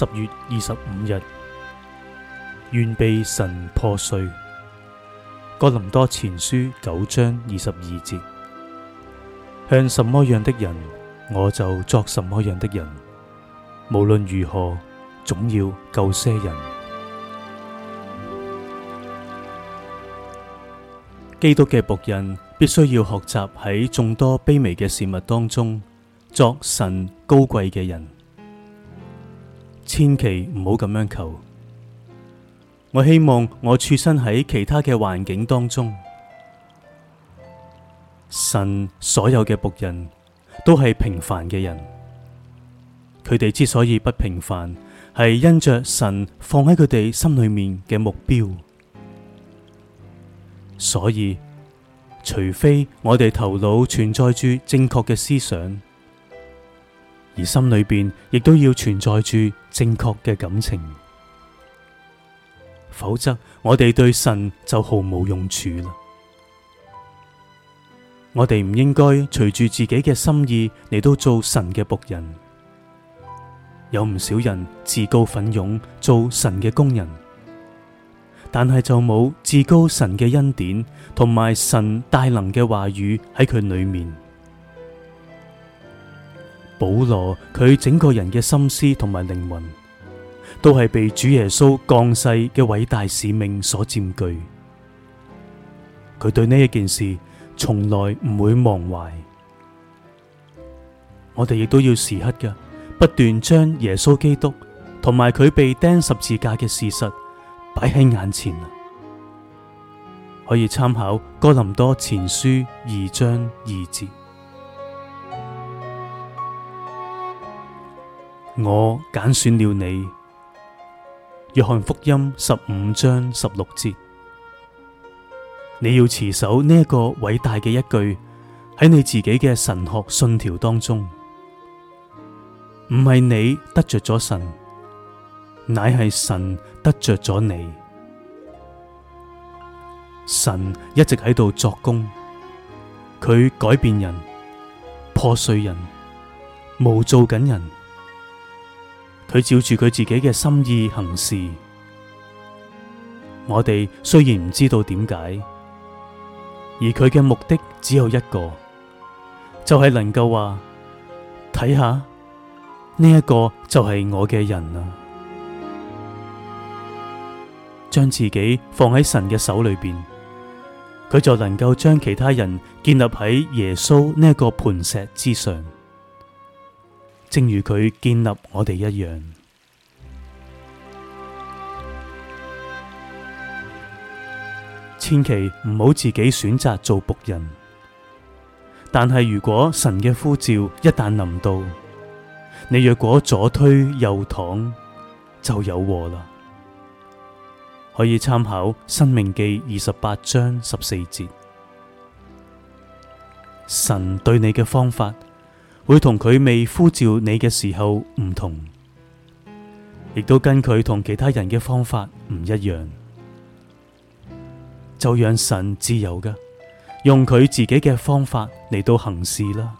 十月二十五日，願被神破碎。哥林多前書九章二十二節：向什麼樣的人，我就作什麼樣的人。無論如何，總要救些人。基督嘅僕人必須要學習喺眾多卑微嘅事物當中，作神高貴嘅人。千祈唔好咁樣求。我希望我處身喺其他嘅環境當中，神所有嘅僕人都係平凡嘅人，佢哋之所以不平凡，係因着神放喺佢哋心裏面嘅目標。所以，除非我哋頭腦存在住正確嘅思想。而心裏邊亦都要存在住正確嘅感情，否則我哋對神就毫無用處啦。我哋唔應該隨住自己嘅心意嚟到做神嘅僕人。有唔少人自告奮勇做神嘅工人，但係就冇至高神嘅恩典同埋神大能嘅話語喺佢裏面。保羅佢整個人嘅心思同埋靈魂，都係被主耶穌降世嘅偉大使命所佔據。佢對呢一件事，從來唔會忘懷。我哋亦都要時刻嘅不斷將耶穌基督同埋佢被釘十字架嘅事實擺喺眼前。可以參考哥林多前書二章二節。我揀選了你，約翰福音十五章十六節。你要持守呢一個偉大嘅一句，喺你自己嘅神學信條當中，唔係你得着咗神，乃係神得着咗你。神一直喺度作工，佢改變人、破碎人、模造緊人。佢照住佢自己嘅心意行事，我哋雖然唔知道點解，而佢嘅目的只有一個，就係能夠話睇下呢一個就係我嘅人啦，將自己放喺神嘅手裏邊，佢就能夠將其他人建立喺耶穌呢一個磐石之上。正如佢建立我哋一樣，千祈唔好自己選擇做僕人。但係如果神嘅呼召一旦臨到，你若果左推右躺，就有禍啦。可以參考《申命記》二十八章十四節，神對你嘅方法。會同佢未呼召你嘅時候唔同，亦都跟佢同其他人嘅方法唔一樣，就讓神自由㗎，用佢自己嘅方法嚟到行事啦。